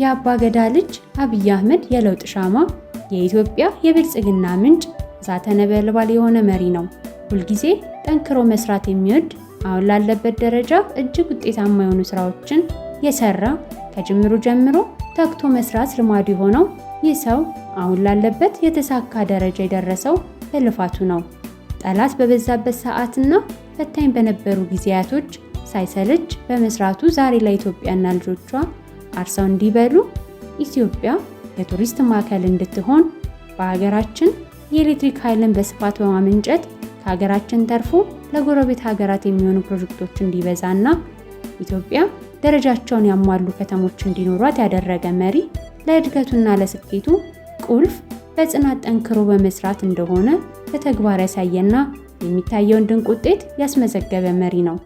የአባገዳ ልጅ አብይ አህመድ የለውጥ ሻማ፣ የኢትዮጵያ የብልጽግና ምንጭ፣ እሳተ ነበልባል የሆነ መሪ ነው። ሁልጊዜ ጠንክሮ መስራት የሚወድ አሁን ላለበት ደረጃ እጅግ ውጤታማ የሆኑ ስራዎችን የሰራ ከጅምሩ ጀምሮ ተግቶ መስራት ልማዱ የሆነው ይህ ሰው አሁን ላለበት የተሳካ ደረጃ የደረሰው በልፋቱ ነው። ጠላት በበዛበት ሰዓትና ፈታኝ በነበሩ ጊዜያቶች ሳይሰለች በመስራቱ ዛሬ ላይ ኢትዮጵያና ልጆቿ አርሰው እንዲበሉ ኢትዮጵያ የቱሪስት ማዕከል እንድትሆን በሀገራችን የኤሌክትሪክ ኃይልን በስፋት በማመንጨት ከሀገራችን ተርፎ ለጎረቤት ሀገራት የሚሆኑ ፕሮጀክቶች እንዲበዛና ኢትዮጵያ ደረጃቸውን ያሟሉ ከተሞች እንዲኖሯት ያደረገ መሪ ለእድገቱና ለስኬቱ ቁልፍ በጽናት ጠንክሮ በመስራት እንደሆነ በተግባር ያሳየና የሚታየውን ድንቅ ውጤት ያስመዘገበ መሪ ነው።